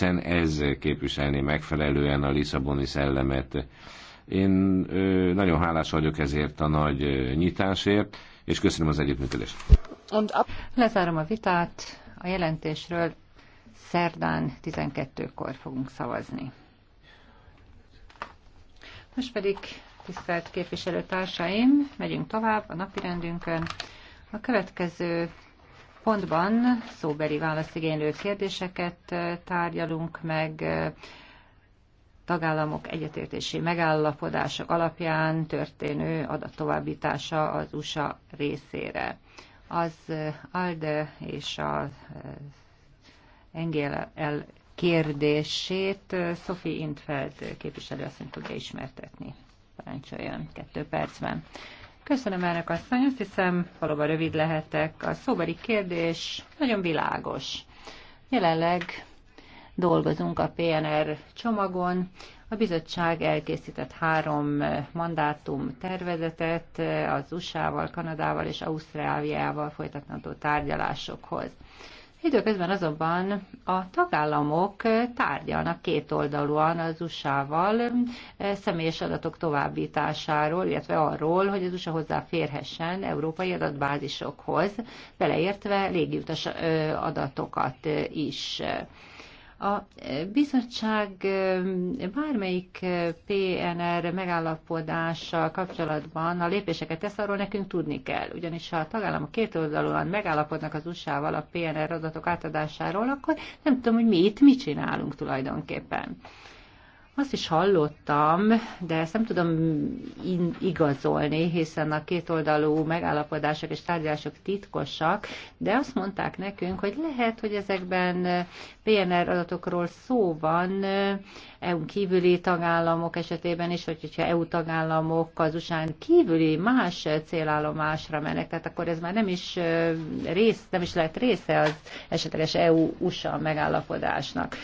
hiszen ez képviselni megfelelően a Lisszaboni szellemet. Én nagyon hálás vagyok ezért a nagy nyitásért, és köszönöm az együttműködést. Lezárom a vitát a jelentésről. Szerdán 12-kor fogunk szavazni. Most pedig, tisztelt képviselőtársaim, megyünk tovább a napirendünkön. A következő pontban szóbeli válaszigénylő kérdéseket tárgyalunk meg, tagállamok egyetértési megállapodások alapján történő adattovábbítása az USA részére. Az ALDE és az el kérdését Sophie Intfeld azt fogja ismertetni. Parancsoljon kettő percben. Köszönöm, elnök asszony. Azt hiszem, valóban rövid lehetek. A szóbeli kérdés nagyon világos. Jelenleg dolgozunk a PNR csomagon. A bizottság elkészített három mandátum tervezetet az USA-val, Kanadával és Ausztráliával folytatandó tárgyalásokhoz. Időközben azonban a tagállamok tárgyalnak kétoldalúan az USA-val eh, személyes adatok továbbításáról, illetve arról, hogy az USA hozzáférhessen európai adatbázisokhoz, beleértve légiutas eh, adatokat is. A eh, bizottság eh, bármelyik eh, PNR megállapodással kapcsolatban a lépéseket tesz, arról nekünk tudni kell. Ugyanis ha a tagállamok oldalúan megállapodnak az USA-val a PNR adatok átadásáról, akkor nem tudom, hogy mi itt mit csinálunk tulajdonképpen. Azt is hallottam, de ezt nem tudom igazolni, hiszen a kétoldalú megállapodások és tárgyalások titkosak, de azt mondták nekünk, hogy lehet, hogy ezekben PNR adatokról szó van EU-n kívüli tagállamok esetében is, vagy hogyha EU tagállamok az usa kívüli más célállomásra mennek, tehát akkor ez már nem is rész, nem is lehet része az esetleges EU-USA megállapodásnak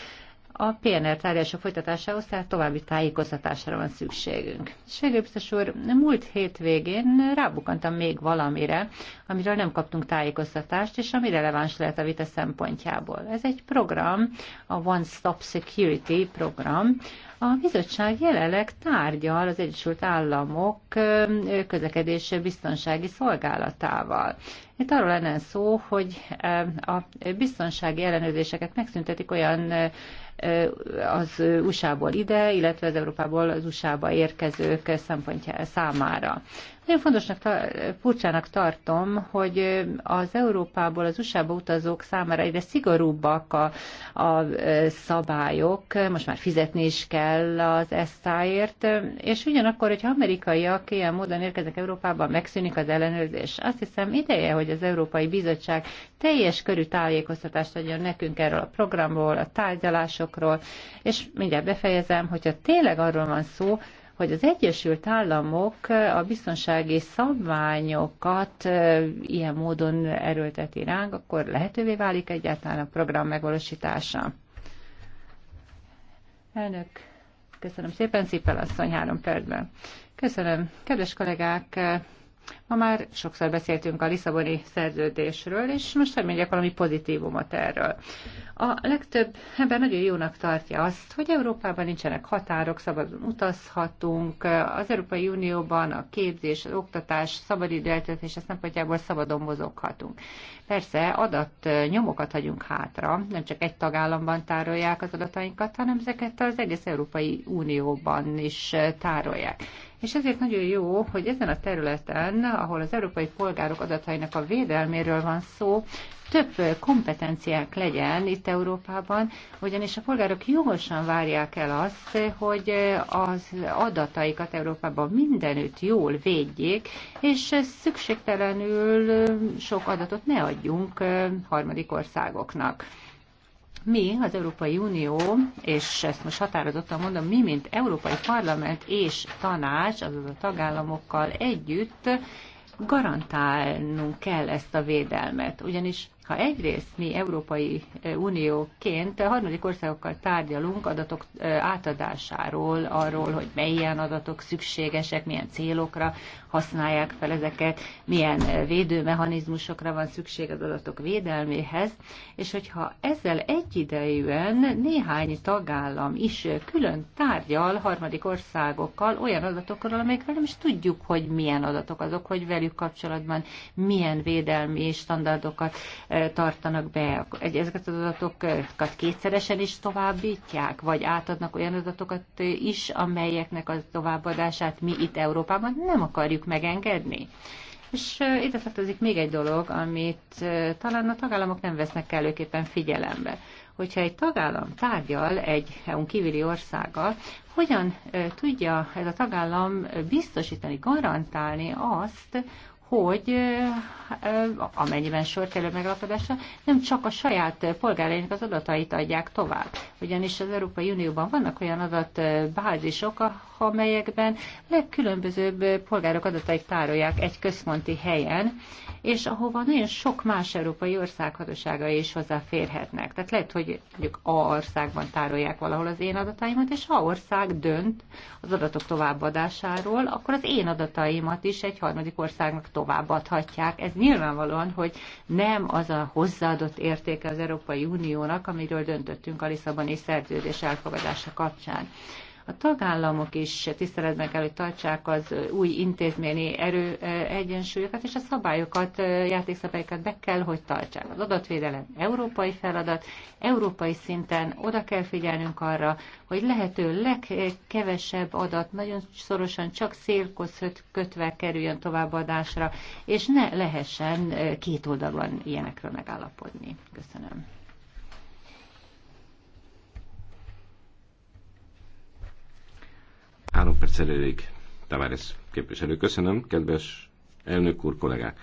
a PNR tárgyalások folytatásához, tehát további tájékoztatásra van szükségünk. És végül biztos úr, múlt hétvégén rábukantam még valamire, amiről nem kaptunk tájékoztatást, és ami releváns lehet a vita szempontjából. Ez egy program, a One Stop Security program, a bizottság jelenleg tárgyal az Egyesült Államok közlekedés biztonsági szolgálatával. Itt arról lenne szó, hogy e, a biztonsági ellenőrzéseket megszüntetik olyan e, e, az USA-ból ide, illetve az Európából az USA-ba érkezők szempontja számára. Nagyon fontosnak, furcsának tartom, hogy az Európából az USA-ba utazók számára egyre szigorúbbak a, a szabályok, most már fizetni is kell az esztáért, és ugyanakkor, hogyha amerikaiak ilyen módon érkeznek Európába, megszűnik az ellenőrzés. Azt hiszem ideje, hogy hogy az Európai Bizottság teljes körű tájékoztatást adjon nekünk erről a programról, a tárgyalásokról, és mindjárt befejezem, hogyha tényleg arról van szó, hogy az Egyesült Államok a biztonsági szabványokat ilyen módon erőlteti ránk, akkor lehetővé válik egyáltalán a program megvalósítása. Elnök, köszönöm szépen, Szépen asszony három percben. Köszönöm. Kedves kollégák, Ma már sokszor beszéltünk a Lisszaboni szerződésről, és most remények valami pozitívumot erről. A legtöbb ember nagyon jónak tartja azt, hogy Európában nincsenek határok, szabadon utazhatunk, az Európai Unióban a képzés, az oktatás, szabadidő eltöltés szempontjából szabadon mozoghatunk. Persze adat nyomokat hagyunk hátra, nem csak egy tagállamban tárolják az adatainkat, hanem ezeket az egész Európai Unióban is tárolják. És ezért nagyon jó, hogy ezen a területen, ahol az európai polgárok adatainak a védelméről van szó, több kompetenciánk legyen itt Európában, ugyanis a polgárok jogosan várják el azt, hogy az adataikat Európában mindenütt jól védjék, és szükségtelenül sok adatot ne adjunk harmadik országoknak mi, az Európai Unió, és ezt most határozottan mondom, mi, mint Európai Parlament és Tanács, azaz a tagállamokkal együtt garantálnunk kell ezt a védelmet, ugyanis ha egyrészt mi Európai eh, Unióként harmadik országokkal tárgyalunk adatok eh, átadásáról, arról, hogy milyen adatok szükségesek, milyen célokra használják fel ezeket, milyen eh, védőmechanizmusokra van szükség az adatok védelméhez, és hogyha ezzel egyidejűen néhány tagállam is külön tárgyal harmadik országokkal olyan adatokról, amelyekről nem is tudjuk, hogy milyen adatok azok, hogy velük kapcsolatban milyen védelmi standardokat tartanak be, ezeket az adatokat kétszeresen is továbbítják, vagy átadnak olyan adatokat is, amelyeknek a továbbadását mi itt Európában nem akarjuk megengedni. És ide tartozik még egy dolog, amit talán a tagállamok nem vesznek kellőképpen figyelembe. Hogyha egy tagállam tárgyal egy eu kívüli országgal, hogyan tudja ez a tagállam biztosítani, garantálni azt, hogy amennyiben sor kerül megalapodásra, nem csak a saját polgárainak az adatait adják tovább. Ugyanis az Európai Unióban vannak olyan adatbázisok, amelyekben legkülönbözőbb polgárok adatait tárolják egy központi helyen, és ahova nagyon sok más európai ország hatósága is hozzáférhetnek. Tehát lehet, hogy mondjuk A országban tárolják valahol az én adataimat, és ha ország dönt az adatok továbbadásáról, akkor az én adataimat is egy harmadik országnak továbbadhatják. Ez nyilvánvalóan, hogy nem az a hozzáadott értéke az Európai Uniónak, amiről döntöttünk a Lisszaboni szerződés elfogadása kapcsán. A tagállamok is tiszteletben kell, hogy tartsák az új intézményi erő egyensúlyokat, és a szabályokat, játékszabályokat be kell, hogy tartsák. Az adatvédelem európai feladat, európai szinten oda kell figyelnünk arra, hogy lehető legkevesebb adat nagyon szorosan csak szélkhoz kötve kerüljön továbbadásra, és ne lehessen kétoldalúan ilyenekről megállapodni. Köszönöm. Három perc elég. Tavares képviselő, köszönöm, kedves elnök úr, kollégák.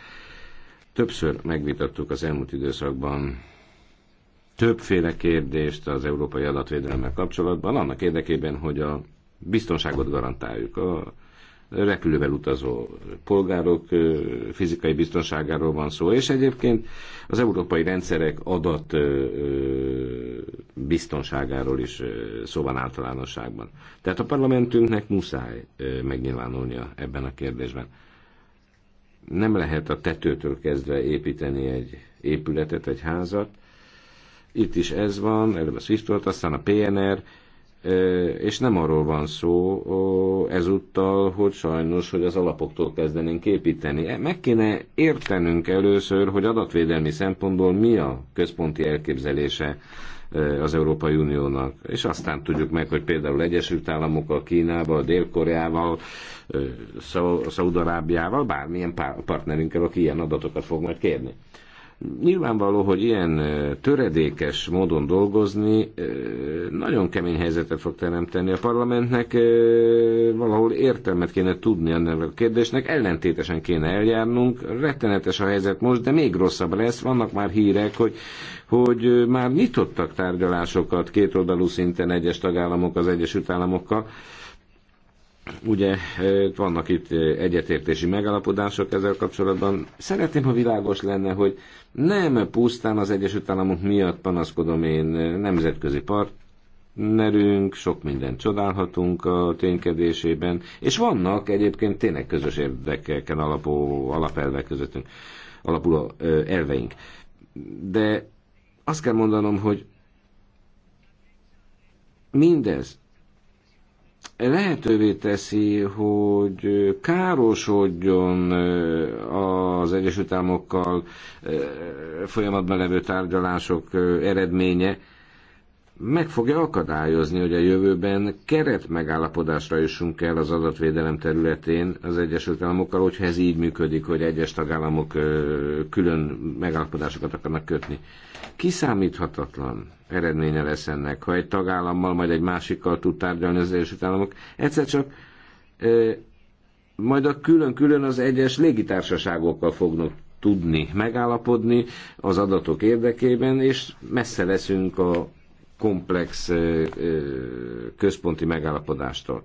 Többször megvitattuk az elmúlt időszakban többféle kérdést az európai adatvédelemmel kapcsolatban, annak érdekében, hogy a biztonságot garantáljuk. A repülővel utazó polgárok fizikai biztonságáról van szó, és egyébként az európai rendszerek adat biztonságáról is szó van általánosságban. Tehát a parlamentünknek muszáj megnyilvánulnia ebben a kérdésben. Nem lehet a tetőtől kezdve építeni egy épületet, egy házat. Itt is ez van, előbb a Swift aztán a PNR, és nem arról van szó ezúttal, hogy sajnos, hogy az alapoktól kezdenénk építeni. E, meg kéne értenünk először, hogy adatvédelmi szempontból mi a központi elképzelése az Európai Uniónak. És aztán tudjuk meg, hogy például Egyesült Államokkal, Kínával, Dél-Koreával, Szaudarábiával, bármilyen partnerünkkel, aki ilyen adatokat fog majd kérni. Nyilvánvaló, hogy ilyen töredékes módon dolgozni nagyon kemény helyzetet fog teremteni a parlamentnek, valahol értelmet kéne tudni ennek a kérdésnek, ellentétesen kéne eljárnunk, rettenetes a helyzet most, de még rosszabb lesz, vannak már hírek, hogy, hogy már nyitottak tárgyalásokat kétoldalú szinten egyes tagállamok az Egyesült Államokkal, Ugye vannak itt egyetértési megállapodások ezzel kapcsolatban. Szeretném, ha világos lenne, hogy nem pusztán az Egyesült Államok miatt panaszkodom én, nemzetközi part, nerünk, sok mindent csodálhatunk a ténykedésében, és vannak egyébként tényleg közös érdekeken alapú alapelvek közöttünk, alapuló elveink. De azt kell mondanom, hogy mindez lehetővé teszi, hogy károsodjon az Egyesült Államokkal folyamatban levő tárgyalások eredménye, meg fogja akadályozni, hogy a jövőben keret megállapodásra jussunk el az adatvédelem területén az Egyesült Államokkal, hogyha ez így működik, hogy egyes tagállamok külön megállapodásokat akarnak kötni. Kiszámíthatatlan eredménye lesz ennek, ha egy tagállammal, majd egy másikkal tud tárgyalni az Egyesült Államok. Egyszer csak majd a külön-külön az egyes légitársaságokkal fognak tudni megállapodni az adatok érdekében, és messze leszünk a komplex központi megállapodástól.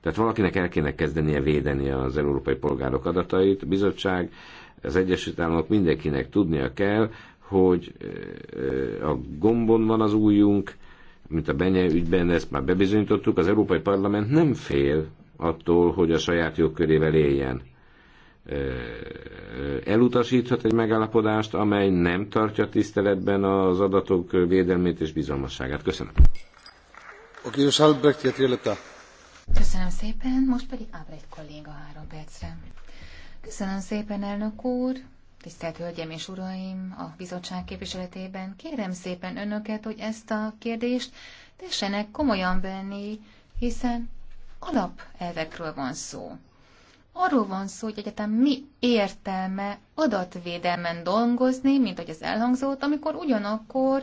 Tehát valakinek el kéne kezdenie védeni az európai polgárok adatait. A bizottság, az Egyesült Államok mindenkinek tudnia kell, hogy a gombon van az újunk, mint a Benye ügyben, ezt már bebizonyítottuk, az Európai Parlament nem fél attól, hogy a saját jogkörével éljen elutasíthat egy megállapodást, amely nem tartja tiszteletben az adatok védelmét és bizalmasságát. Köszönöm. Köszönöm szépen, most pedig Ábrecht kolléga három percre. Köszönöm szépen, elnök úr, tisztelt hölgyeim és uraim a bizottság képviseletében. Kérem szépen önöket, hogy ezt a kérdést tessenek komolyan venni, hiszen alapelvekről van szó Arról van szó, hogy egyetem mi értelme adatvédelmen dolgozni, mint hogy az elhangzott, amikor ugyanakkor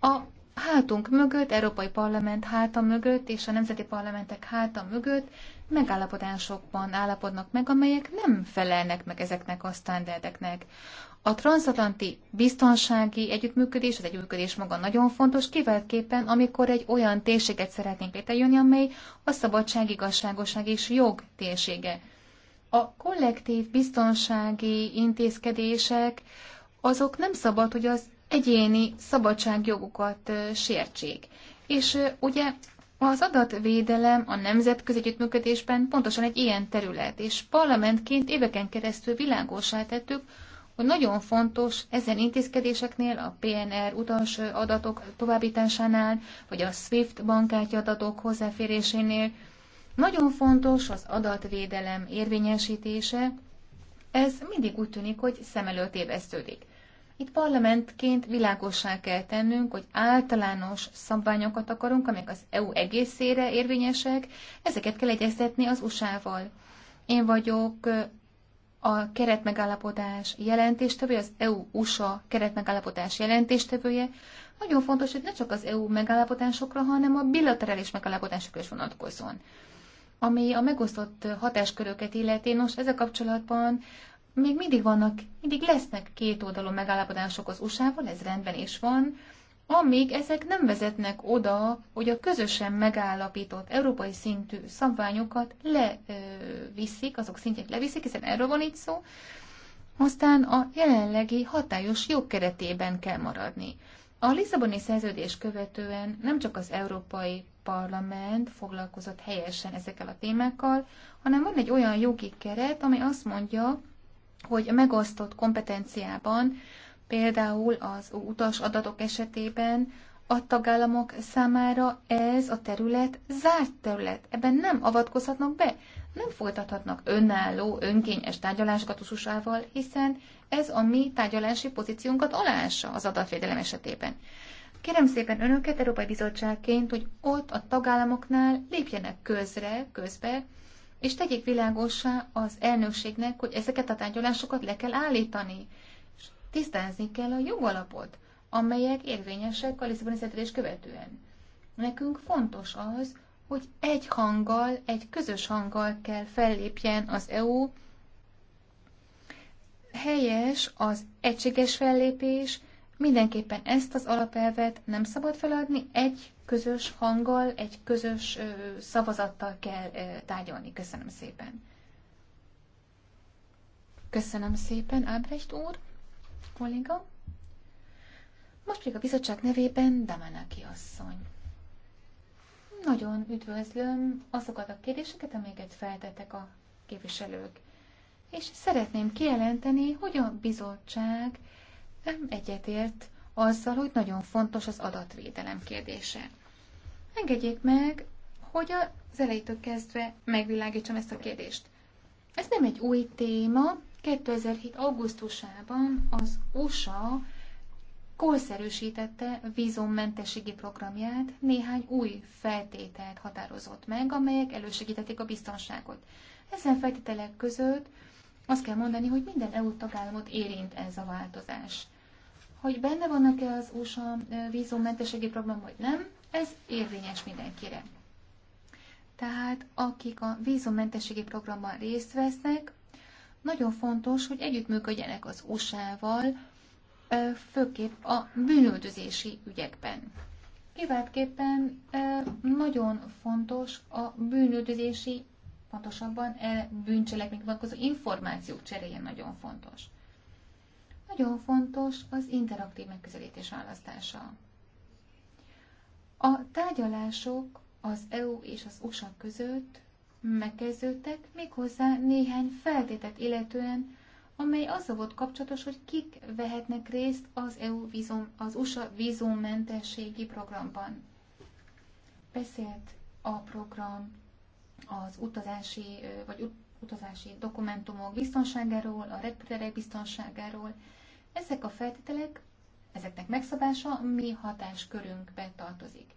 a hátunk mögött, Európai Parlament háta mögött és a nemzeti parlamentek háta mögött megállapodásokban állapodnak meg, amelyek nem felelnek meg ezeknek a standardeknek. A transatlanti biztonsági együttműködés, az együttműködés maga nagyon fontos, kiváltképpen, amikor egy olyan térséget szeretnénk létrejönni, amely a szabadság, igazságoság és jog térsége. A kollektív biztonsági intézkedések azok nem szabad, hogy az egyéni szabadságjogokat sértsék. És ugye az adatvédelem a nemzetközi együttműködésben pontosan egy ilyen terület, és parlamentként éveken keresztül világosá tettük, hogy nagyon fontos ezen intézkedéseknél, a PNR utas adatok továbbításánál, vagy a SWIFT bankkártya adatok hozzáférésénél, nagyon fontos az adatvédelem érvényesítése, ez mindig úgy tűnik, hogy szem előtt évesztődik. Itt parlamentként világossá kell tennünk, hogy általános szabványokat akarunk, amelyek az EU egészére érvényesek, ezeket kell egyeztetni az USA-val. Én vagyok a keretmegállapodás jelentéstevője, az EU-USA keretmegállapodás jelentéstevője. Nagyon fontos, hogy ne csak az EU megállapodásokra, hanem a bilaterális megállapodásokra is vonatkozzon. Ami a megosztott hatásköröket illeti, nos, ezzel kapcsolatban még mindig vannak, mindig lesznek két oldalú megállapodások az USA-val, ez rendben is van, amíg ezek nem vezetnek oda, hogy a közösen megállapított európai szintű szabványokat leviszik, azok szintjét leviszik, hiszen erről van itt szó, aztán a jelenlegi hatályos jogkeretében kell maradni. A Lisszaboni szerződés követően nem csak az Európai Parlament foglalkozott helyesen ezekkel a témákkal, hanem van egy olyan jogi keret, ami azt mondja, hogy a megosztott kompetenciában, például az utas adatok esetében a tagállamok számára ez a terület zárt terület, ebben nem avatkozhatnak be nem folytathatnak önálló, önkényes tárgyalásokat usa hiszen ez a mi tárgyalási pozíciónkat aláássa az adatvédelem esetében. Kérem szépen önöket Európai Bizottságként, hogy ott a tagállamoknál lépjenek közre, közbe, és tegyék világossá az elnökségnek, hogy ezeket a tárgyalásokat le kell állítani, és tisztázni kell a jogalapot, amelyek érvényesek a Lisszaboni követően. Nekünk fontos az, hogy egy hanggal, egy közös hanggal kell fellépjen az EU. Helyes az egységes fellépés, mindenképpen ezt az alapelvet nem szabad feladni, egy közös hanggal, egy közös ö, szavazattal kell ö, tárgyalni. Köszönöm szépen. Köszönöm szépen, Ábrecht úr, kolléga. Most pedig a bizottság nevében Damanaki asszony. Nagyon üdvözlöm azokat a kérdéseket, amelyeket feltettek a képviselők. És szeretném kijelenteni, hogy a bizottság egyetért azzal, hogy nagyon fontos az adatvédelem kérdése. Engedjék meg, hogy az elejétől kezdve megvilágítsam ezt a kérdést. Ez nem egy új téma. 2007. augusztusában az USA korszerűsítette vízummentességi programját, néhány új feltételt határozott meg, amelyek elősegítették a biztonságot. Ezen feltételek között azt kell mondani, hogy minden EU tagállamot érint ez a változás. Hogy benne vannak-e az USA vízummentességi program, vagy nem, ez érvényes mindenkire. Tehát akik a vízummentességi programban részt vesznek, nagyon fontos, hogy együttműködjenek az USA-val, főképp a bűnöldözési ügyekben. Kiváltképpen nagyon fontos a bűnöldözési, pontosabban e, bűncselekmények vonatkozó információk cseréje nagyon fontos. Nagyon fontos az interaktív megközelítés választása. A tárgyalások az EU és az USA között megkezdődtek, méghozzá néhány feltételt illetően, amely azzal volt kapcsolatos, hogy kik vehetnek részt az EU vízum, az USA vízummentességi programban. Beszélt a program az utazási, vagy utazási dokumentumok biztonságáról, a repülőterek biztonságáról. Ezek a feltételek, ezeknek megszabása mi hatáskörünkbe tartozik.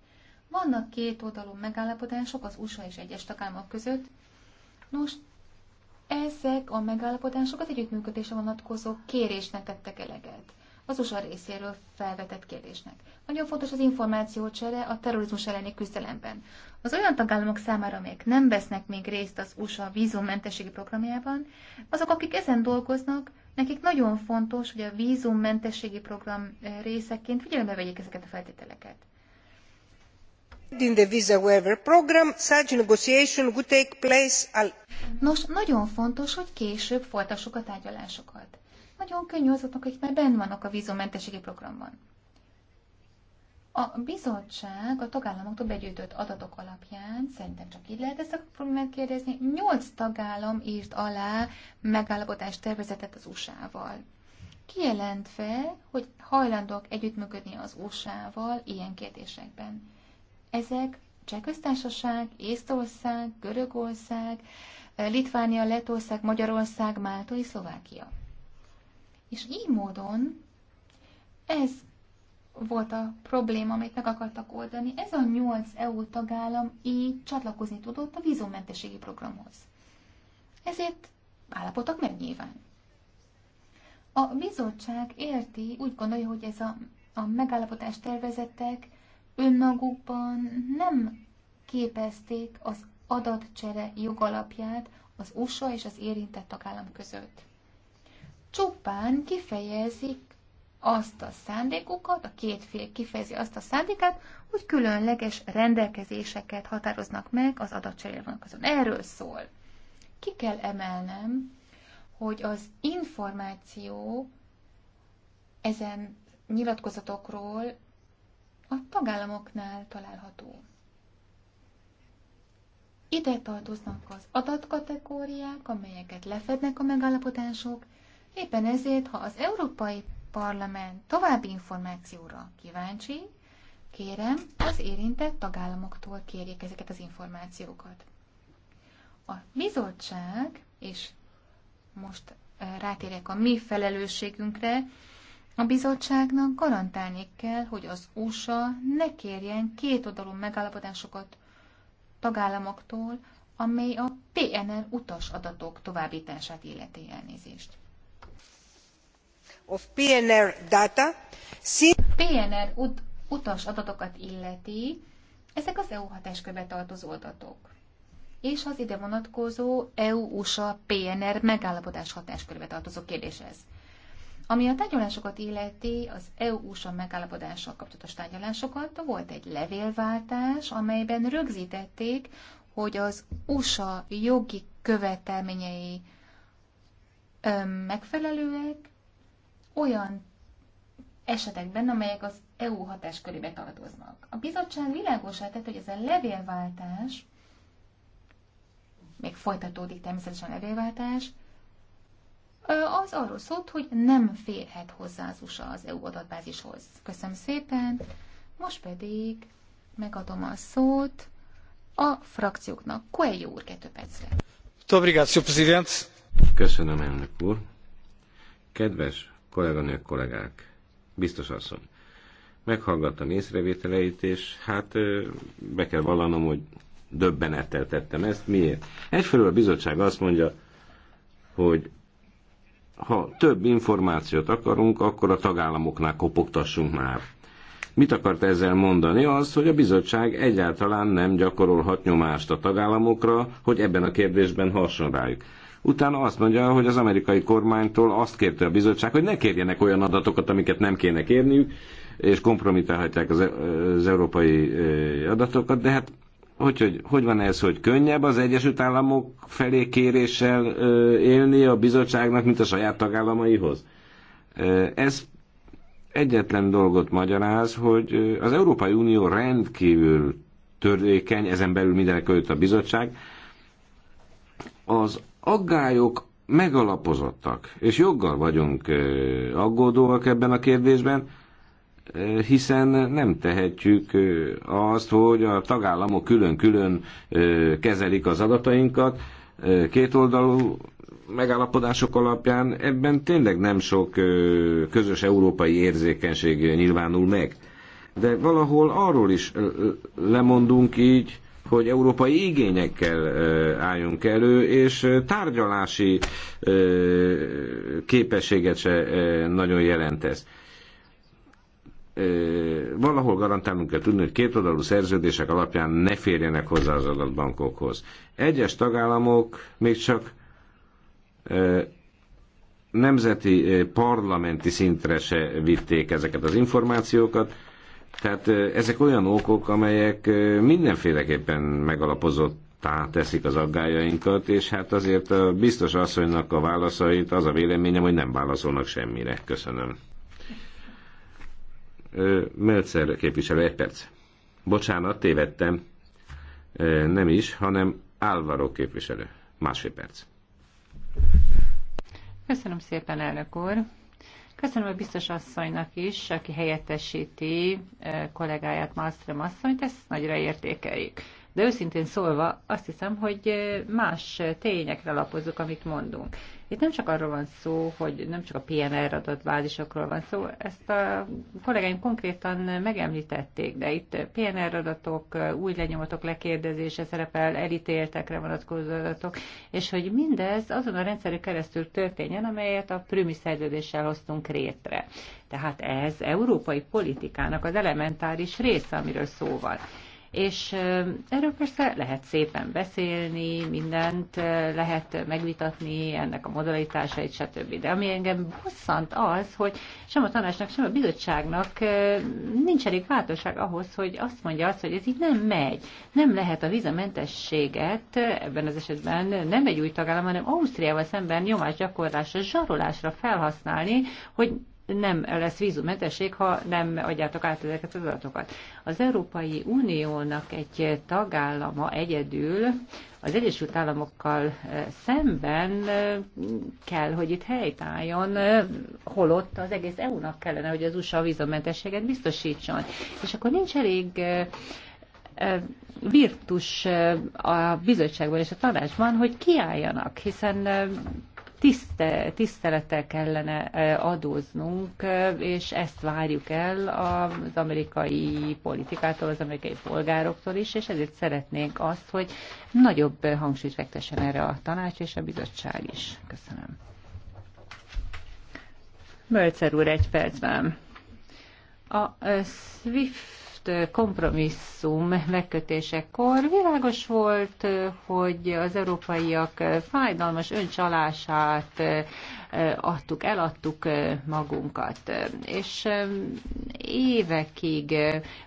Vannak két oldalú megállapodások az USA és egyes tagállamok között. Nos, ezek a megállapodások az együttműködésre vonatkozó kérésnek tettek eleget. Az USA részéről felvetett kérdésnek. Nagyon fontos az információcsere a terrorizmus elleni küzdelemben. Az olyan tagállamok számára, amelyek nem vesznek még részt az USA vízummentességi programjában, azok, akik ezen dolgoznak, nekik nagyon fontos, hogy a vízummentességi program eh, részeként figyelembe vegyék ezeket a feltételeket in the visa waiver program, such negotiation would take place Nos, nagyon fontos, hogy később folytassuk a tárgyalásokat. Nagyon könnyű azoknak, akik már benn vannak a vízumentességi programban. A bizottság a tagállamoktól begyűjtött adatok alapján, szerintem csak így lehet ezt a problémát kérdezni, 8 tagállam írt alá megállapodást tervezetet az USA-val. Kijelentve, hogy hajlandók együttműködni az USA-val ilyen kérdésekben. Ezek Csehköztársaság, Észtország, Görögország, Litvánia, Letország, Magyarország, és Szlovákia. És így módon ez volt a probléma, amit meg akartak oldani. Ez a nyolc EU tagállam így csatlakozni tudott a vízummentességi programhoz. Ezért állapodtak meg nyilván. A bizottság érti, úgy gondolja, hogy ez a, a megállapodás tervezetek önmagukban nem képezték az adatcsere jogalapját az USA és az érintett tagállam között. Csupán kifejezik azt a szándékukat, a két fél kifejezi azt a szándékát, hogy különleges rendelkezéseket határoznak meg az adatcserére vonatkozóan. Erről szól. Ki kell emelnem, hogy az információ ezen nyilatkozatokról a tagállamoknál található. Ide tartoznak az adatkategóriák, amelyeket lefednek a megállapodások, éppen ezért, ha az Európai Parlament további információra kíváncsi, kérem, az érintett tagállamoktól kérjék ezeket az információkat. A bizottság, és most eh, rátérek a mi felelősségünkre, a bizottságnak garantálni kell, hogy az USA ne kérjen kétoldalú megállapodásokat tagállamoktól, amely a PNR utas adatok továbbítását illeti elnézést. Of PNR data, PNR ut- utas adatokat illeti, ezek az EU hatáskörbe tartozó adatok és az ide vonatkozó EU-USA PNR megállapodás hatáskörbe tartozó kérdés ez. Ami a tárgyalásokat illeti, az EU-USA megállapodással kapcsolatos tárgyalásokat, volt egy levélváltás, amelyben rögzítették, hogy az USA jogi követelményei megfelelőek olyan esetekben, amelyek az EU hatáskörébe tartoznak. A bizottság világosá tett, hogy ez a levélváltás, még folytatódik természetesen a levélváltás, az arról szólt, hogy nem férhet hozzá az USA az EU adatbázishoz. Köszönöm szépen, most pedig megadom a szót a frakcióknak. Coelho úr, kettő percre. Köszönöm, elnök úr. Kedves kolléganők, kollégák, biztos asszony, meghallgattam észrevételeit, és hát be kell vallanom, hogy döbbenettel tettem ezt. Miért? Egyfelől a bizottság azt mondja, hogy ha több információt akarunk, akkor a tagállamoknál kopogtassunk már. Mit akart ezzel mondani? Az, hogy a bizottság egyáltalán nem gyakorolhat nyomást a tagállamokra, hogy ebben a kérdésben hason rájuk. Utána azt mondja, hogy az amerikai kormánytól azt kérte a bizottság, hogy ne kérjenek olyan adatokat, amiket nem kéne kérniük, és kompromitálhatják az, az európai adatokat, de hát hogy, hogy, hogy van ez, hogy könnyebb az Egyesült Államok felé kéréssel ö, élni a bizottságnak, mint a saját tagállamaihoz? Ez egyetlen dolgot magyaráz, hogy az Európai Unió rendkívül törvékeny, ezen belül mindenek előtt a bizottság, az aggályok megalapozottak, és joggal vagyunk aggódóak ebben a kérdésben, hiszen nem tehetjük azt, hogy a tagállamok külön-külön kezelik az adatainkat, kétoldalú megállapodások alapján ebben tényleg nem sok közös európai érzékenység nyilvánul meg. De valahol arról is lemondunk így, hogy európai igényekkel álljunk elő, és tárgyalási képességet se nagyon jelent ez valahol garantálnunk kell tudni, hogy két oldalú szerződések alapján ne férjenek hozzá az adatbankokhoz. Egyes tagállamok még csak nemzeti parlamenti szintre se vitték ezeket az információkat, tehát ezek olyan okok, amelyek mindenféleképpen megalapozottá teszik az aggájainkat, és hát azért a biztos asszonynak a válaszait az a véleményem, hogy nem válaszolnak semmire. Köszönöm. Mölcer képviselő, egy perc. Bocsánat, tévedtem. Nem is, hanem Álvaro képviselő. Másfél perc. Köszönöm szépen, elnök úr. Köszönöm a biztos asszonynak is, aki helyettesíti kollégáját, Malmström asszonyt, ezt nagyra értékeljük. De őszintén szólva azt hiszem, hogy más tényekre lapozzuk, amit mondunk. Itt nem csak arról van szó, hogy nem csak a PNR bázisokról van szó, ezt a kollégáim konkrétan megemlítették, de itt PNR adatok, új lenyomatok lekérdezése szerepel, elítéltekre vonatkozó adatok, és hogy mindez azon a rendszerű keresztül történjen, amelyet a prümi szerződéssel hoztunk rétre. Tehát ez európai politikának az elementáris része, amiről szó van és erről persze lehet szépen beszélni, mindent lehet megvitatni, ennek a modalitásait, stb. De ami engem bosszant az, hogy sem a tanácsnak, sem a bizottságnak nincs elég változság ahhoz, hogy azt mondja azt, hogy ez így nem megy. Nem lehet a vízamentességet, ebben az esetben nem egy új tagállam, hanem Ausztriával szemben nyomásgyakorlásra, zsarolásra felhasználni, hogy nem lesz vízumentesség, ha nem adjátok át ezeket az adatokat. Az Európai Uniónak egy tagállama egyedül az Egyesült Államokkal eh, szemben eh, kell, hogy itt helytálljon, eh, holott az egész EU-nak kellene, hogy az USA vízumentességet biztosítson. És akkor nincs elég virtus a bizottságban és a tanácsban, hogy kiálljanak, hiszen tiszte, tisztelettel kellene adóznunk, és ezt várjuk el az amerikai politikától, az amerikai polgároktól is, és ezért szeretnénk azt, hogy nagyobb hangsúlyt fektessen erre a tanács és a bizottság is. Köszönöm. Mölcer úr, egy percben. A SWIFT kompromisszum megkötésekor világos volt, hogy az európaiak fájdalmas öncsalását adtuk, eladtuk magunkat. És évekig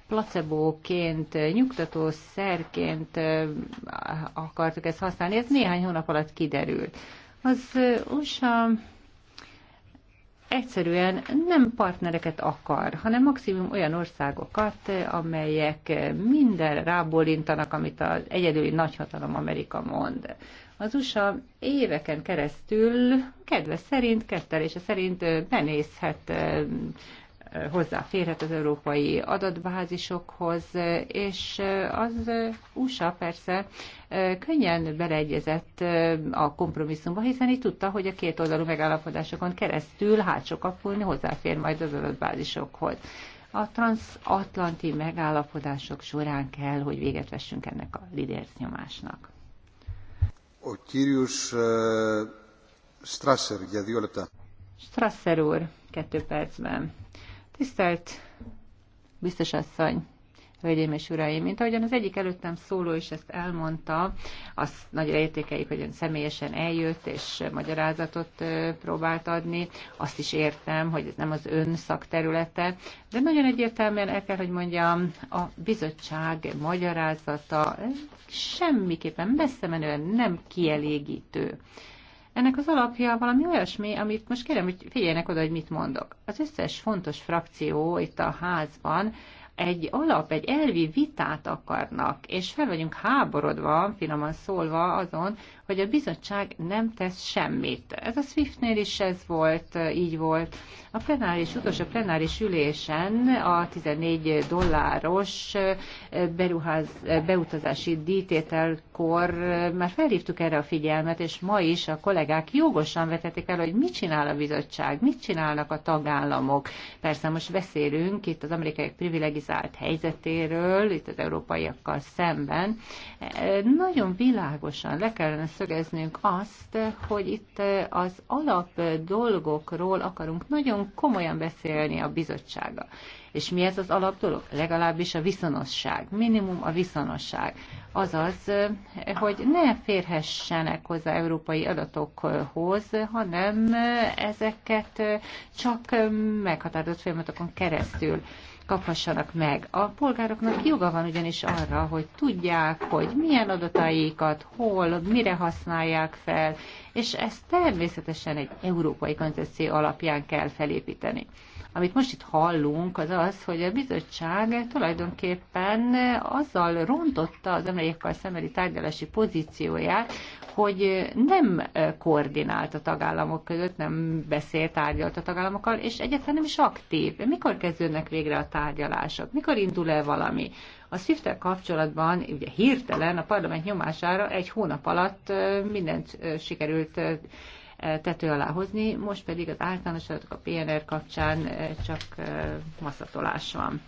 placebóként, nyugtató szerként akartuk ezt használni, ez néhány hónap alatt kiderült. Az USA egyszerűen nem partnereket akar, hanem maximum olyan országokat, amelyek minden rábólintanak, amit az egyedüli nagyhatalom Amerika mond. Az USA éveken keresztül kedve szerint, kettelése szerint benézhet hozzáférhet az európai adatbázisokhoz, és az USA persze könnyen beleegyezett a kompromisszumba, hiszen így tudta, hogy a két oldalú megállapodásokon keresztül hátsó kapulni hozzáfér majd az adatbázisokhoz. A transatlanti megállapodások során kell, hogy véget vessünk ennek a nyomásnak. O Kirius uh, Strasser, ugye, Strasser úr, kettő percben. Tisztelt biztos asszony, hölgyeim és uraim, mint ahogyan az egyik előttem szóló is ezt elmondta, az nagyra értékeljük, hogy ön személyesen eljött és magyarázatot próbált adni. Azt is értem, hogy ez nem az ön szakterülete, de nagyon egyértelműen el kell, hogy mondjam, a bizottság magyarázata semmiképpen messze menően nem kielégítő. Ennek az alapja valami olyasmi, amit most kérem, hogy figyeljenek oda, hogy mit mondok. Az összes fontos frakció itt a házban egy alap, egy elvi vitát akarnak, és fel vagyunk háborodva, finoman szólva azon, hogy a bizottság nem tesz semmit. Ez a Swiftnél is ez volt, így volt. A plenáris, utolsó plenáris ülésen a 14 dolláros eh, beruház, eh, beutazási dítételkor eh, már felhívtuk erre a figyelmet, és ma is a kollégák jogosan vetették el, hogy mit csinál a bizottság, mit csinálnak a tagállamok. Persze most beszélünk itt az amerikai privilegizált helyzetéről, itt az európaiakkal szemben. Nagyon világosan le kellene leszögeznünk azt, hogy itt az alap dolgokról akarunk nagyon komolyan beszélni a bizottsága, És mi ez az alap dolog? Legalábbis a viszonosság. Minimum a viszonosság. Azaz, hogy ne férhessenek hozzá európai adatokhoz, hanem ezeket csak meghatározott folyamatokon keresztül kaphassanak meg. A polgároknak joga van ugyanis arra, hogy tudják, hogy milyen adataikat, hol, mire használják fel, és ezt természetesen egy európai koncepció alapján kell felépíteni. Amit most itt hallunk, az az, hogy a bizottság tulajdonképpen azzal rontotta az emlékkal szembeni tárgyalási pozícióját, hogy nem koordinált a tagállamok között, nem beszélt, tárgyalt a tagállamokkal, és egyáltalán nem is aktív. Mikor kezdődnek végre a tárgyalások? Mikor indul el valami? A swift kapcsolatban ugye hirtelen a parlament nyomására egy hónap alatt mindent sikerült tető alá hozni, most pedig az általános adatok a PNR kapcsán eh, csak eh, maszatolás van.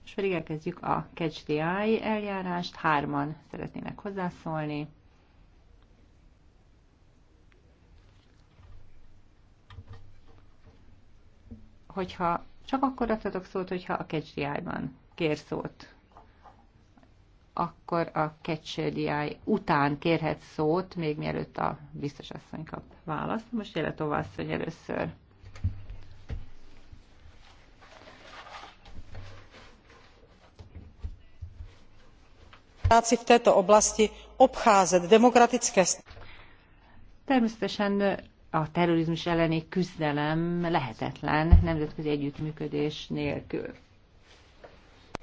Most pedig elkezdjük a Catch the Eye eljárást. Hárman szeretnének hozzászólni. Hogyha csak akkor adhatok szót, hogyha a Catch the Eye-ban kér szót akkor a catch után kérhet szót, még mielőtt a biztos asszony kap választ. Most éle tovább asszony először. práci v této oblasti obcházet demokratické Természetesen a terrorizmus elleni küzdelem lehetetlen nemzetközi együttműködés nélkül.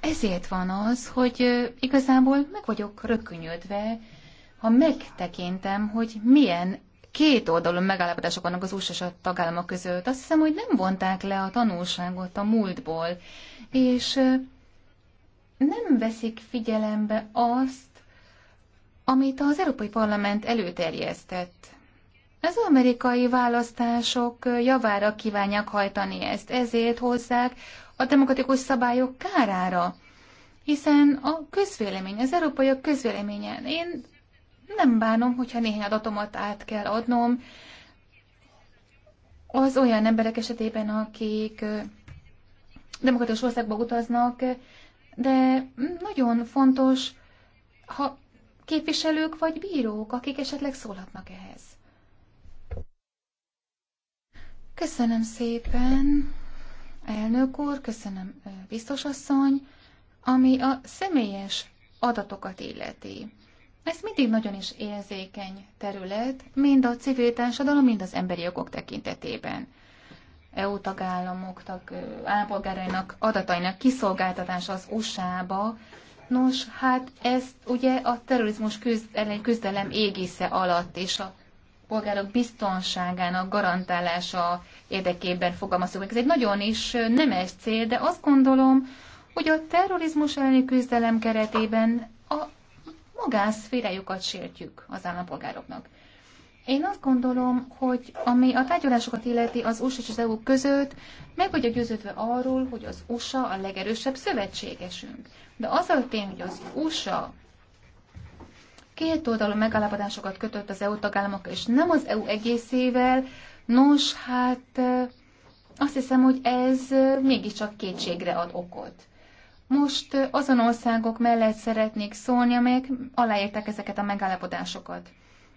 Ezért van az, hogy igazából meg vagyok rökönyödve, ha megtekintem, hogy milyen két oldalon megállapodások vannak az USA tagállamok között. Azt hiszem, hogy nem vonták le a tanulságot a múltból, és nem veszik figyelembe azt, amit az Európai Parlament előterjesztett. Az amerikai választások javára kívánják hajtani ezt, ezért hozzák a demokratikus szabályok kárára, hiszen a közvélemény, az európaiak közvéleménye, én nem bánom, hogyha néhány adatomat át kell adnom, az olyan emberek esetében, akik demokratikus országba utaznak, de nagyon fontos, ha képviselők vagy bírók, akik esetleg szólhatnak ehhez. Köszönöm szépen. Elnök úr, köszönöm, biztos asszony, ami a személyes adatokat illeti. Ez mindig nagyon is érzékeny terület, mind a civil társadalom, mind az emberi jogok tekintetében. EU tagállamok, tag, állampolgárainak adatainak kiszolgáltatás az USA-ba, Nos, hát ezt ugye a terrorizmus küzd, ellen küzdelem égisze alatt és a polgárok biztonságának garantálása érdekében fogalmazunk. meg. Ez egy nagyon is nemes cél, de azt gondolom, hogy a terrorizmus elleni küzdelem keretében a magánszférájukat sértjük az állampolgároknak. Én azt gondolom, hogy ami a tárgyalásokat illeti az USA és az EU között, meg vagyok győződve arról, hogy az USA a legerősebb szövetségesünk. De az a tény, hogy az USA két oldalú megállapodásokat kötött az EU tagállamok és nem az EU egészével, nos, hát azt hiszem, hogy ez mégiscsak kétségre ad okot. Most azon országok mellett szeretnék szólni, amelyek aláírták ezeket a megállapodásokat.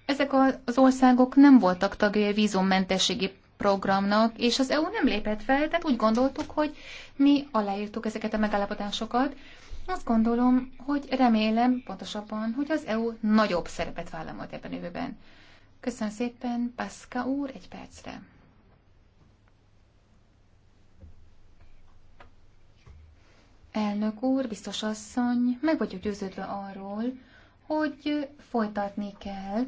Ezek az országok nem voltak tagjai a vízummentességi programnak, és az EU nem lépett fel, tehát úgy gondoltuk, hogy mi aláírtuk ezeket a megállapodásokat, azt gondolom, hogy remélem pontosabban, hogy az EU nagyobb szerepet vállal majd ebben jövőben. Köszönöm szépen, Paszka úr, egy percre. Elnök úr, biztos asszony, meg vagyok győződve arról, hogy folytatni kell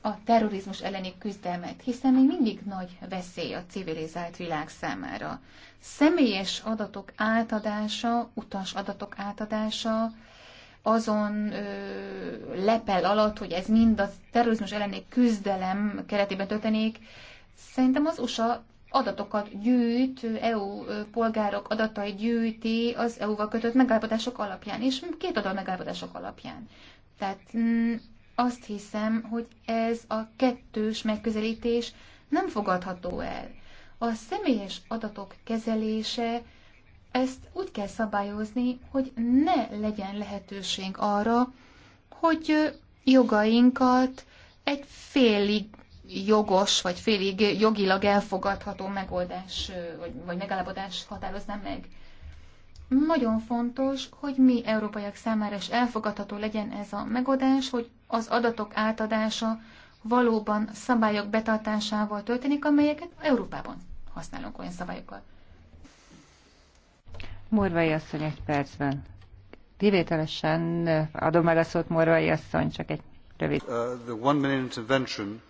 a terrorizmus elleni küzdelmet, hiszen még mindig nagy veszély a civilizált világ számára. Személyes adatok átadása, utas adatok átadása, azon ö, lepel alatt, hogy ez mind a terrorizmus elleni küzdelem keretében történik, szerintem az USA adatokat gyűjt, EU polgárok adatai gyűjti az EU-val kötött megállapodások alapján, és két adat megállapodások alapján. Tehát mm, azt hiszem, hogy ez a kettős megközelítés nem fogadható el. A személyes adatok kezelése ezt úgy kell szabályozni, hogy ne legyen lehetőség arra, hogy jogainkat egy félig jogos, vagy félig jogilag elfogadható megoldás, vagy, vagy megállapodás határozná meg. Nagyon fontos, hogy mi európaiak számára is elfogadható legyen ez a megoldás, hogy az adatok átadása valóban szabályok betartásával történik, amelyeket Európában használunk olyan szabályokkal. Morvai asszony egy percben. Kivételesen eh, adom meg a szót Morvai asszony, csak egy rövid. Uh, the one minute intervention.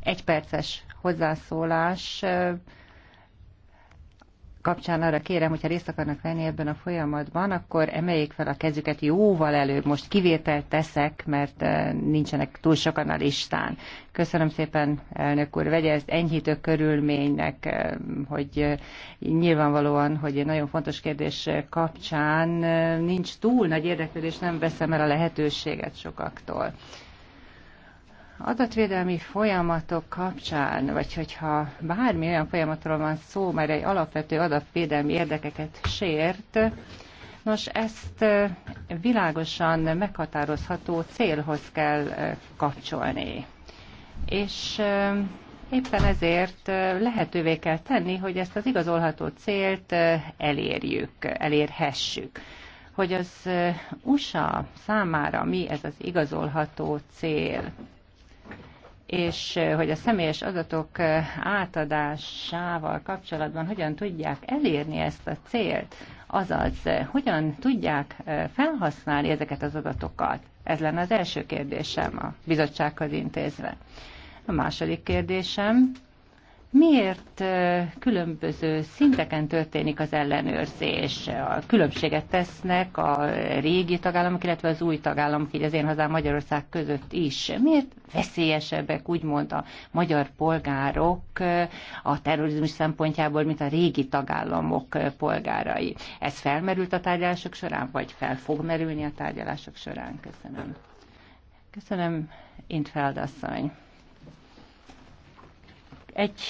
Egy perces hozzászólás. Uh, kapcsán arra kérem, hogyha részt akarnak venni ebben a folyamatban, akkor emeljék fel a kezüket jóval előbb. Most kivételt teszek, mert eh, nincsenek túl sokan a listán. Köszönöm szépen, elnök úr. Vegye ezt enyhítő körülménynek, eh, hogy eh, nyilvánvalóan, hogy egy nagyon fontos kérdés kapcsán nincs túl nagy érdeklődés, nem veszem el a lehetőséget sokaktól adatvédelmi folyamatok kapcsán, vagy hogyha bármi olyan folyamatról van szó, mert egy alapvető adatvédelmi érdekeket sért, nos, ezt világosan meghatározható célhoz kell kapcsolni. És éppen ezért lehetővé kell tenni, hogy ezt az igazolható célt elérjük, elérhessük hogy az USA számára mi ez az igazolható cél és hogy a személyes adatok átadásával kapcsolatban hogyan tudják elérni ezt a célt, azaz hogyan tudják felhasználni ezeket az adatokat. Ez lenne az első kérdésem a bizottsághoz intézve. A második kérdésem, miért különböző szinteken történik az ellenőrzés? A különbséget tesznek a régi tagállamok, illetve az új tagállamok, így az én hazám Magyarország között is. Miért veszélyesebbek, úgymond a magyar polgárok a terrorizmus szempontjából, mint a régi tagállamok polgárai? Ez felmerült a tárgyalások során, vagy fel fog merülni a tárgyalások során? Köszönöm. Köszönöm, Intfeld asszony. Egy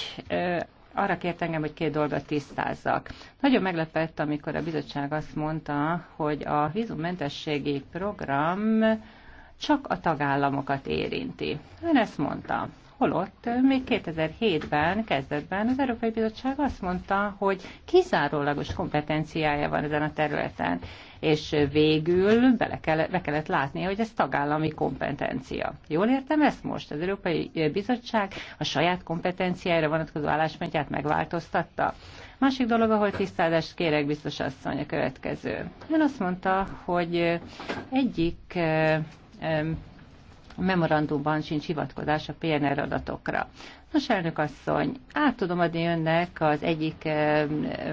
arra kért engem, hogy két dolgot tisztázzak. Nagyon meglepett, amikor a bizottság azt mondta, hogy a vízummentességi program csak a tagállamokat érinti. Ön ezt mondta holott még 2007-ben, kezdetben az Európai Bizottság azt mondta, hogy kizárólagos kompetenciája van ezen a területen, és végül bele kell, be kellett látni, hogy ez tagállami kompetencia. Jól értem ezt most? Az Európai Bizottság a saját kompetenciájára vonatkozó álláspontját megváltoztatta? Másik dolog, ahol tisztázást kérek, biztos asszony a következő. Ön azt mondta, hogy egyik memorandumban sincs hivatkozás a PNR adatokra. Nos, elnök asszony, át tudom adni önnek az egyik eh,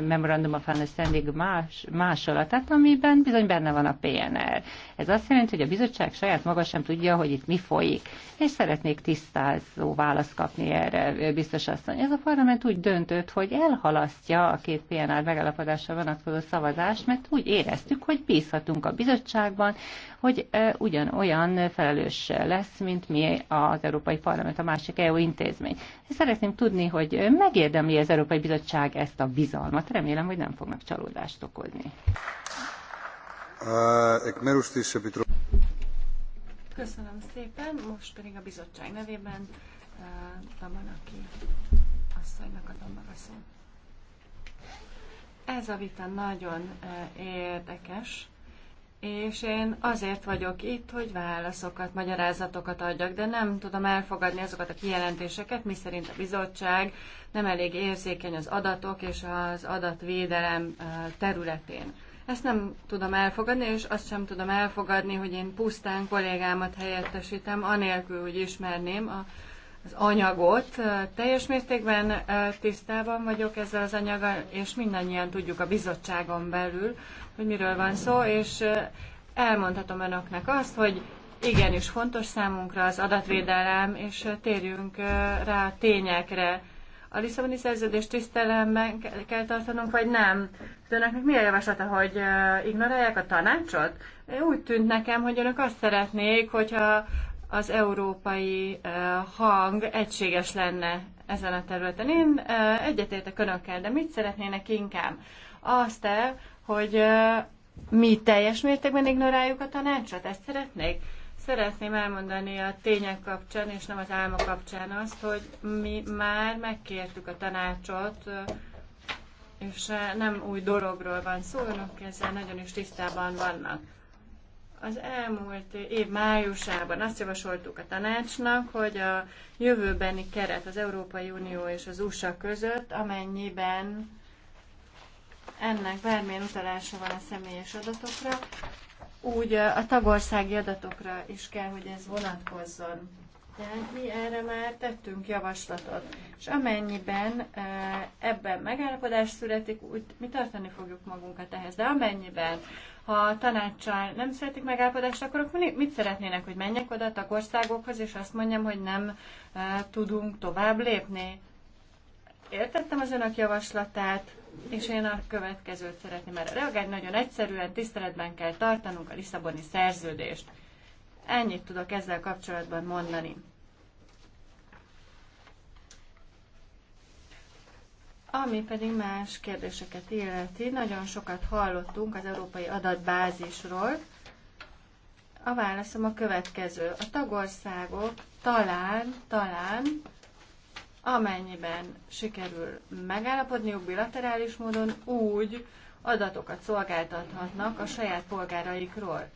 Memorandum of Understanding más, másolatát, amiben bizony benne van a PNR. Ez azt jelenti, hogy a bizottság saját maga sem tudja, hogy itt mi folyik. És szeretnék tisztázó választ kapni erre, biztos asszony. Ez a parlament úgy döntött, hogy elhalasztja a két PNR megállapodásra vonatkozó szavazást, mert úgy éreztük, hogy bízhatunk a bizottságban, hogy eh, ugyanolyan felelős lesz, mint mi az Európai Parlament, a másik EU intézmény. Szeretném tudni, hogy megérdemli az Európai Bizottság ezt a bizalmat. Remélem, hogy nem fognak csalódást okozni. Uh, Köszönöm szépen, most pedig a bizottság nevében uh, Tamanaki asszonynak adom meg a szót. Ez a vita nagyon uh, érdekes és én azért vagyok itt, hogy válaszokat, magyarázatokat adjak, de nem tudom elfogadni azokat a kijelentéseket, miszerint a bizottság nem elég érzékeny az adatok és az adatvédelem területén. Ezt nem tudom elfogadni, és azt sem tudom elfogadni, hogy én pusztán kollégámat helyettesítem, anélkül, hogy ismerném a az anyagot. Teljes mértékben tisztában vagyok ezzel az anyaggal, és mindannyian tudjuk a bizottságon belül, hogy miről van szó, és elmondhatom önöknek azt, hogy igenis fontos számunkra az adatvédelem, és térjünk rá a tényekre. A Lisszaboni szerződést tisztelemben kell tartanunk, vagy nem? önöknek mi a javaslata, hogy ignorálják a tanácsot? Úgy tűnt nekem, hogy önök azt szeretnék, hogyha az európai hang egységes lenne ezen a területen. Én egyetértek önökkel, de mit szeretnének inkább? Azt el, hogy mi teljes mértékben ignoráljuk a tanácsot? Ezt szeretnék? Szeretném elmondani a tények kapcsán, és nem az álma kapcsán azt, hogy mi már megkértük a tanácsot, és nem új dologról van szó, önök ezzel nagyon is tisztában vannak. Az elmúlt év májusában azt javasoltuk a tanácsnak, hogy a jövőbeni keret az Európai Unió és az USA között, amennyiben ennek bármilyen utalása van a személyes adatokra, úgy a tagországi adatokra is kell, hogy ez vonatkozzon. Tehát mi erre már tettünk javaslatot, és amennyiben eh, ebben megállapodás születik, úgy mi tartani fogjuk magunkat ehhez. De amennyiben, ha a tanácssal nem születik megállapodást, akkor, mit szeretnének, hogy menjek oda a tagországokhoz, és azt mondjam, hogy nem eh, tudunk tovább lépni? Értettem az önök javaslatát, és én a következőt szeretném erre reagálni. Nagyon egyszerűen, tiszteletben kell tartanunk a Lisszaboni szerződést. Ennyit tudok ezzel kapcsolatban mondani. Ami pedig más kérdéseket illeti, nagyon sokat hallottunk az európai adatbázisról. A válaszom a következő. A tagországok talán, talán, amennyiben sikerül megállapodniuk bilaterális módon, úgy adatokat szolgáltathatnak a saját polgáraikról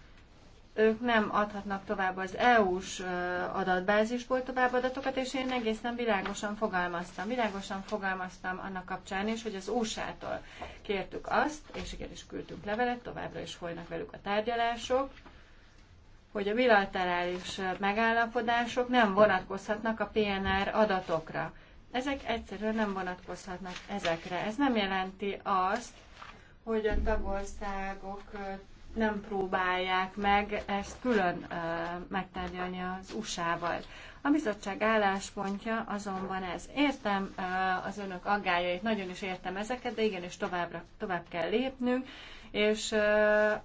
ők nem adhatnak tovább az EU-s adatbázisból tovább adatokat, és én egészen világosan fogalmaztam. Világosan fogalmaztam annak kapcsán is, hogy az USA-tól kértük azt, és is küldtünk levelet, továbbra is folynak velük a tárgyalások, hogy a bilaterális megállapodások nem vonatkozhatnak a PNR adatokra. Ezek egyszerűen nem vonatkozhatnak ezekre. Ez nem jelenti azt, hogy a tagországok nem próbálják meg ezt külön uh, megtárgyalni az USA-val. A bizottság álláspontja azonban ez. Értem az önök aggájait, nagyon is értem ezeket, de igenis továbbra, tovább kell lépnünk, és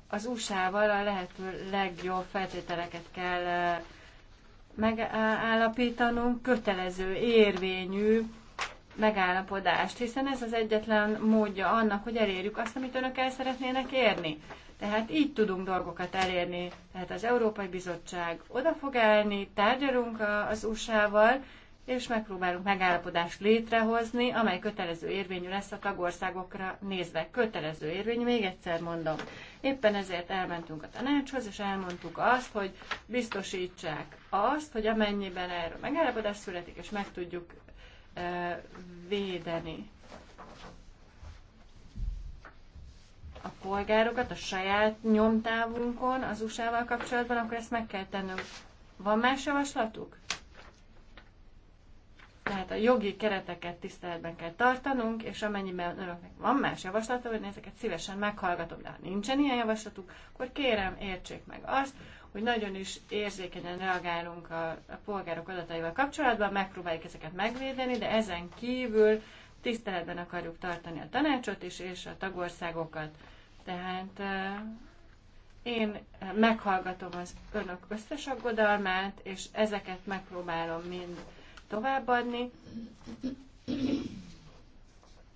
az USA-val a lehető legjobb feltételeket kell uh, megállapítanunk, kötelező, érvényű megállapodást, hiszen ez az egyetlen módja annak, hogy elérjük azt, amit önök el szeretnének érni. Tehát így tudunk dolgokat elérni. Tehát az Európai Bizottság oda fog állni, tárgyalunk az USA-val, és megpróbálunk megállapodást létrehozni, amely kötelező érvényű lesz a tagországokra nézve. Kötelező érvényű, még egyszer mondom. Éppen ezért elmentünk a tanácshoz, és elmondtuk azt, hogy biztosítsák azt, hogy amennyiben erről megállapodás születik, és meg tudjuk védeni. a polgárokat a saját nyomtávunkon az USA-val kapcsolatban, akkor ezt meg kell tennünk. Van más javaslatuk? Tehát a jogi kereteket tiszteletben kell tartanunk, és amennyiben önöknek van más javaslata, hogy ezeket szívesen meghallgatom, de ha nincsen ilyen javaslatuk, akkor kérem értsék meg azt, hogy nagyon is érzékenyen reagálunk a, a polgárok adataival kapcsolatban, megpróbáljuk ezeket megvédeni, de ezen kívül tiszteletben akarjuk tartani a tanácsot is, és a tagországokat. Tehát én meghallgatom az önök összes aggodalmát, és ezeket megpróbálom mind továbbadni.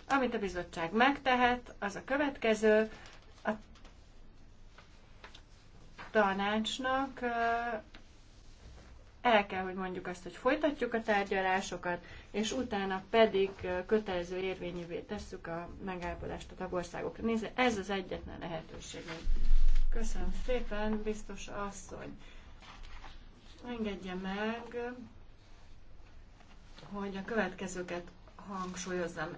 Amit a bizottság megtehet, az a következő. A tanácsnak el kell, hogy mondjuk azt, hogy folytatjuk a tárgyalásokat, és utána pedig kötelező érvényűvé tesszük a megállapodást a tagországokra. Nézze, ez az egyetlen lehetőség. Köszönöm szépen, biztos asszony. Engedje meg, hogy a következőket hangsúlyozzam.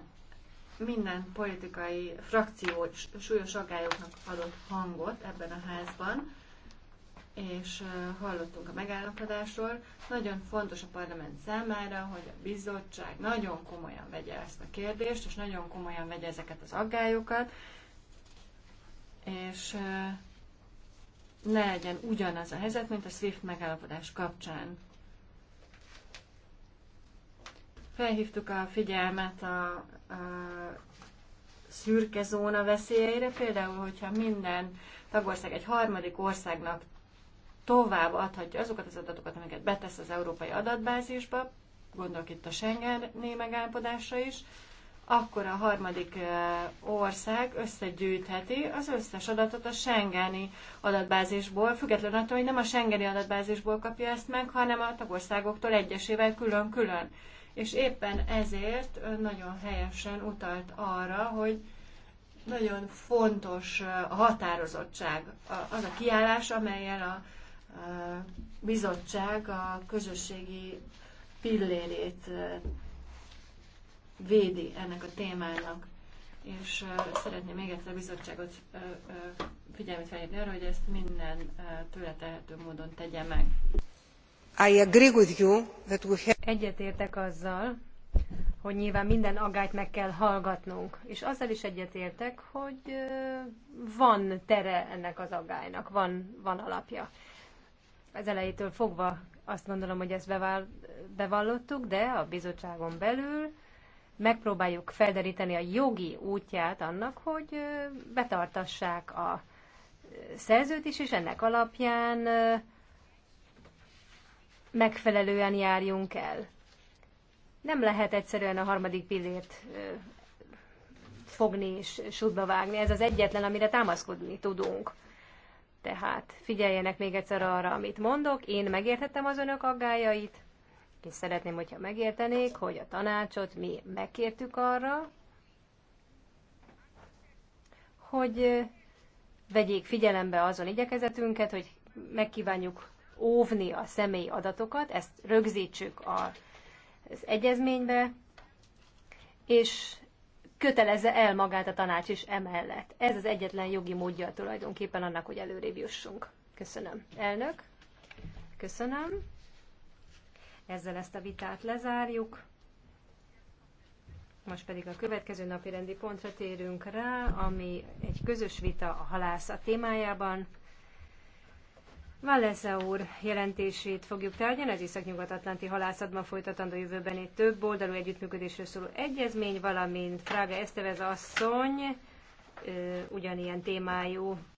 Minden politikai frakció súlyos aggályoknak adott hangot ebben a házban és hallottunk a megállapodásról. Nagyon fontos a parlament számára, hogy a bizottság nagyon komolyan vegye ezt a kérdést, és nagyon komolyan vegye ezeket az aggályokat, és ne legyen ugyanaz a helyzet, mint a SWIFT megállapodás kapcsán. Felhívtuk a figyelmet a, a szürke zóna veszélyeire, például, hogyha minden tagország egy harmadik országnak tovább adhatja azokat az adatokat, amiket betesz az európai adatbázisba, gondolok itt a Schengeni megállapodásra is, akkor a harmadik eh, ország összegyűjtheti az összes adatot a Schengeni adatbázisból, függetlenül attól, hogy nem a Schengeni adatbázisból kapja ezt meg, hanem a tagországoktól egyesével külön-külön. És éppen ezért nagyon helyesen utalt arra, hogy nagyon fontos eh, a határozottság, az a kiállás, amelyel a bizottság a közösségi pillérét védi ennek a témának. És szeretném még egyszer a bizottságot figyelmet felhívni arra, hogy ezt minden tőle tehető módon tegye meg. I agree with you that we have... Egyetértek azzal, hogy nyilván minden agályt meg kell hallgatnunk. És azzal is egyetértek, hogy van tere ennek az agálynak, van, van alapja az elejétől fogva azt gondolom, hogy ezt bevallottuk, de a bizottságon belül megpróbáljuk felderíteni a jogi útját annak, hogy betartassák a szerzőt is, és ennek alapján megfelelően járjunk el. Nem lehet egyszerűen a harmadik pillért fogni és sútba vágni. Ez az egyetlen, amire támaszkodni tudunk. Tehát figyeljenek még egyszer arra, amit mondok. Én megértettem az önök aggájait, és szeretném, hogyha megértenék, hogy a tanácsot mi megkértük arra, hogy vegyék figyelembe azon igyekezetünket, hogy megkívánjuk óvni a személy adatokat, ezt rögzítsük az egyezménybe, és kötelezze el magát a tanács is emellett. Ez az egyetlen jogi módja tulajdonképpen annak, hogy előrébb jussunk. Köszönöm. Elnök, köszönöm. Ezzel ezt a vitát lezárjuk. Most pedig a következő napi rendi pontra térünk rá, ami egy közös vita a halászat témájában. Valesza úr jelentését fogjuk tárgyalni az Észak-Nyugat-Atlanti halászatban folytatandó egy több oldalú együttműködésről szóló egyezmény, valamint Frága Esztevez asszony ugyanilyen témájú